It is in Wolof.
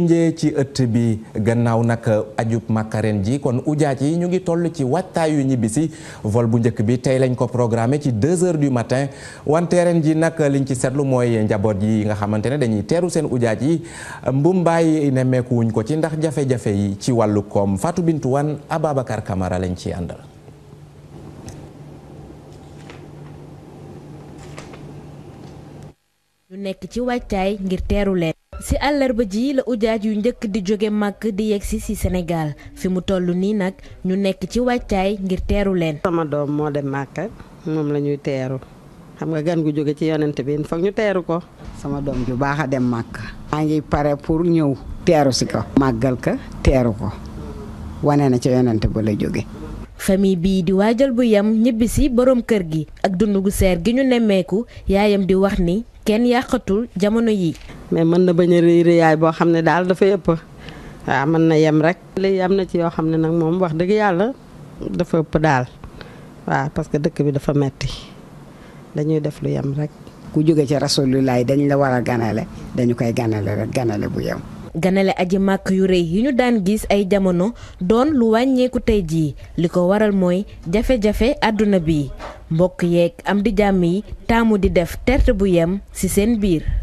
njee ci ëtt bi gannaaw nag ajub makaren ji kon ujaaj yi ñu ngi toll ci wattaayu ñibbisi vol bu njëkk bi tey lañ ko programmé ci 2 heures du matin wante ren ji nag liñ ci seetlu mooy njaboot yi nga xamante ne dañuy teeru seen ujaaj yi mbumbaay nemmeeku wuñ ko ci ndax jafe-jafe yi ci wàllu koom Fatou Bintou wan a Camara lañ ci àndal ci waajtaay ci àllarba ji la ujaaj yu njëkk di jóge màkk di yegsi si senegaal fi mu toll nii nag ñu nekk ci wàccaay ngir teeru leen. sama doom moo dem màkk moom lañuy teeru xam nga gan gu jóge ci yonent bi foog ñu teeru ko. sama doom ju baax a dem màkk. maa ngi pare pour ñëw teeru si ko. màggal ka teeru ko wane na ci yonent ba la jóge. famille bii di waa waajal bu yam ñibbisi boroom kër gi ak dund gu seer gi ñu nemmeeku yaayam di wax ni kenn yàqatul jamono yi mais mën na bañ a rëy rëyaay boo xam ne daal dafa ëpp waaw mën na yem rek. léegi am na ci yoo xam ne nag moom wax dëgg yàlla dafa ëpp daal waaw parce que dëkk bi dafa metti dañuy def lu yem rek. ku jóge ci rasulilaay dañ la war a ganale dañu koy ganale rek ganale bu yem. ganale aji màkk yu rey yi ñu daan gis ay jamono doon lu wàññeeku tey jii li ko waral mooy jafe-jafe àdduna bi mbokk yeeg am di jàmm yi taamu di def terte bu yem ci seen biir.